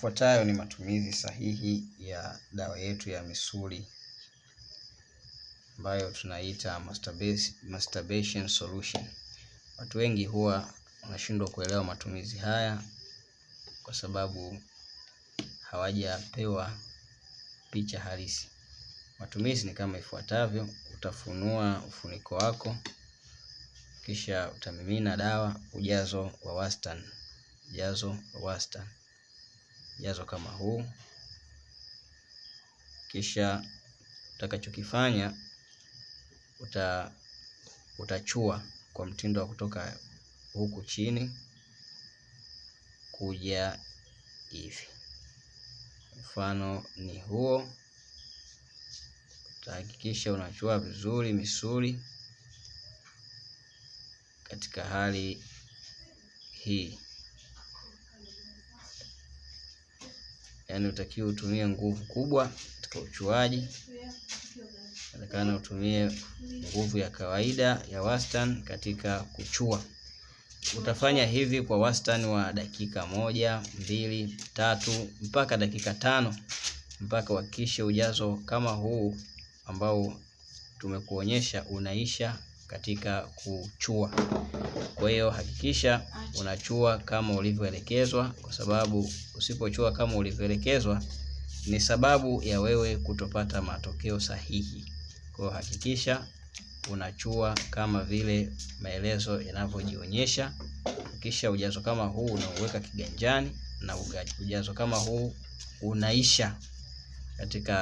Yafuatayo ni matumizi sahihi ya dawa yetu ya misuli ambayo tunaita masturbation solution. Watu wengi huwa wanashindwa kuelewa matumizi haya kwa sababu hawajapewa picha halisi. Matumizi ni kama ifuatavyo: utafunua ufuniko wako, kisha utamimina dawa ujazo wa wastani, ujazo wa wastani jazo kama huu. Kisha utakachokifanya uta, utachua kwa mtindo wa kutoka huku chini kuja hivi, mfano ni huo. Utahakikisha unachua vizuri misuli katika hali hii. yaani utakiwa utumie nguvu kubwa katika uchuaji, kana utumie nguvu ya kawaida ya wastani katika kuchua. Utafanya hivi kwa wastani wa dakika moja, mbili, tatu mpaka dakika tano mpaka uhakikishe ujazo kama huu ambao tumekuonyesha unaisha katika kuchua. Kwa hiyo hakikisha unachua kama ulivyoelekezwa, kwa sababu usipochua kama ulivyoelekezwa ni sababu ya wewe kutopata matokeo sahihi. Kwa hiyo hakikisha unachua kama vile maelezo yanavyojionyesha. hakikisha ujazo kama huu unauweka kiganjani na ujazo kama huu unaisha katika